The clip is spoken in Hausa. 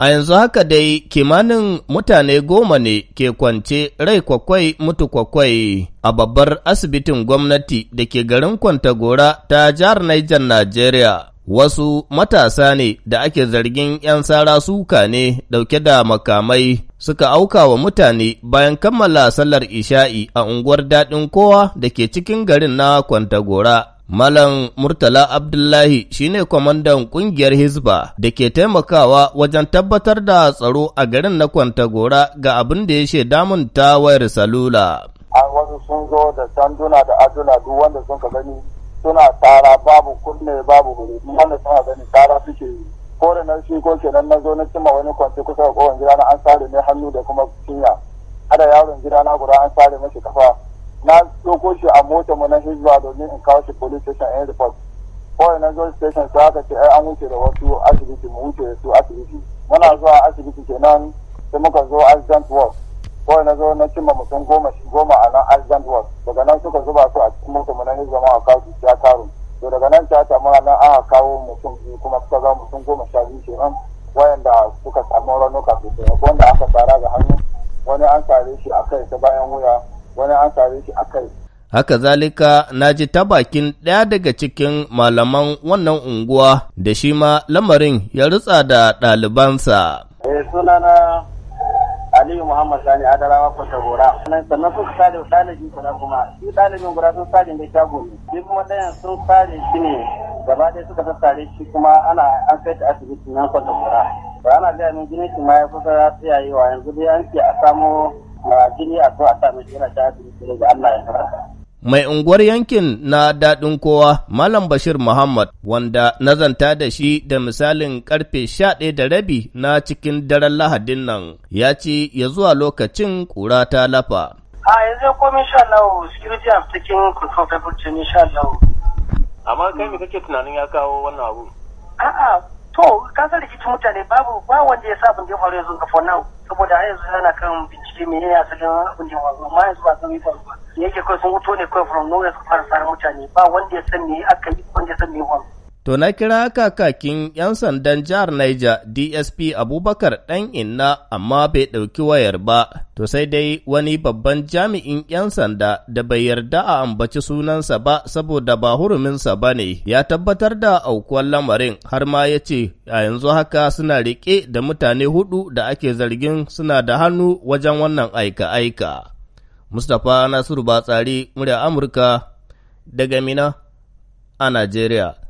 A yanzu haka dai kimanin mutane goma ne ke kwance rai kwakwai mutu kwakwai a babbar asibitin gwamnati da ke garin Kwantagora ta jihar Niger Najeriya. Wasu matasa ne da ake zargin 'yan sara suka ne dauke da makamai suka auka wa mutane bayan kammala sallar isha'i a unguwar daɗin kowa da ke cikin garin na Kwantagora. Malam Murtala Abdullahi shi ne kwamandan ƙungiyar Hizba da ke taimakawa wajen tabbatar da tsaro a garin na Kwantagora ga abin da ya shaida damun ta wayar salula. An wasu sun zo da sanduna da aduna duk wanda sun ka gani suna tara babu kunne babu bari wanda suna gani tara suke yi. Ko da na shi ko kenan na zo na cimma wani kwanci kusa da kowane gida na an sare ne hannu da kuma cinya. Ada yaron gida na guda an sare mashi kafa. na ɗauko shi a mota mu na hizba domin in kawo shi police station and report kawai na zo station sai aka ce ai an wuce da wasu asibiti mu wuce da su asibiti muna zuwa asibiti kenan sai muka zo accident ward kawai na zo na cimma mutum goma goma a nan accident ward daga nan suka zuba su a cikin mota mu na hizba ma a kawo su ya karo to daga nan ta samu nan aka kawo mutum biyu kuma suka zama mutum goma sha biyu kenan wayanda suka samu raunuka sosai wanda aka tsara ga hannu wani an tsare shi a kai ta bayan wuya wani an same shi a kai. Haka zalika na ji ta bakin ɗaya daga cikin malaman wannan unguwa da shi ma lamarin ya rutsa da ɗalibansa. Eh sunana Aliyu Muhammad Sani Adarawa Kwatagora. Sannan sun sare ɗalibin guda kuma, shi ɗalibin guda sun sare da shago ne, shi kuma ɗayan sun sare shi ne gaba ɗaya suka sassare shi kuma ana an kai ta asibiti nan Kwatagora. Ba ana gaya min jinin shi ma ya kusa tsayayewa yanzu dai an ce a samo jini a so sa mai yana ta da Allah ya fara. Mai unguwar yankin na daɗin kowa Malam Bashir Muhammad wanda nazanta da shi da misalin karfe sha da rabi na cikin daren lahadin nan ya ce ya zuwa lokacin ƙura ta lafa. A yanzu komai sha Allah security of taking control temperature ne sha Allah. Amma kai me kake tunanin ya kawo wannan abu? A'a ka san rikicin mutane babu ba wanda ya sa abin da ya faru yanzu ga for now saboda har yanzu yana kan bincike mai yana sakin abin da ya faru amma yanzu ba san faru ba yake kawai sun wuto ne kawai from nowhere su fara tsara mutane ba wanda ya san me aka yi wanda ya san me faru To na kira kakakin 'yan sandan jihar Niger DSP Abubakar ɗan inna amma bai ɗauki wayar ba, to sai dai wani babban jami'in 'yan sanda da bai yarda a ambaci sunansa ba saboda ba huruminsa ba ne, ya tabbatar da aukuwar lamarin har ma ya ce a yanzu haka suna riƙe da mutane hudu da ake zargin suna da hannu wajen wannan aika-aika. Mustapha Nasiru Batsari, murya Amurka, daga Mina a Najeriya.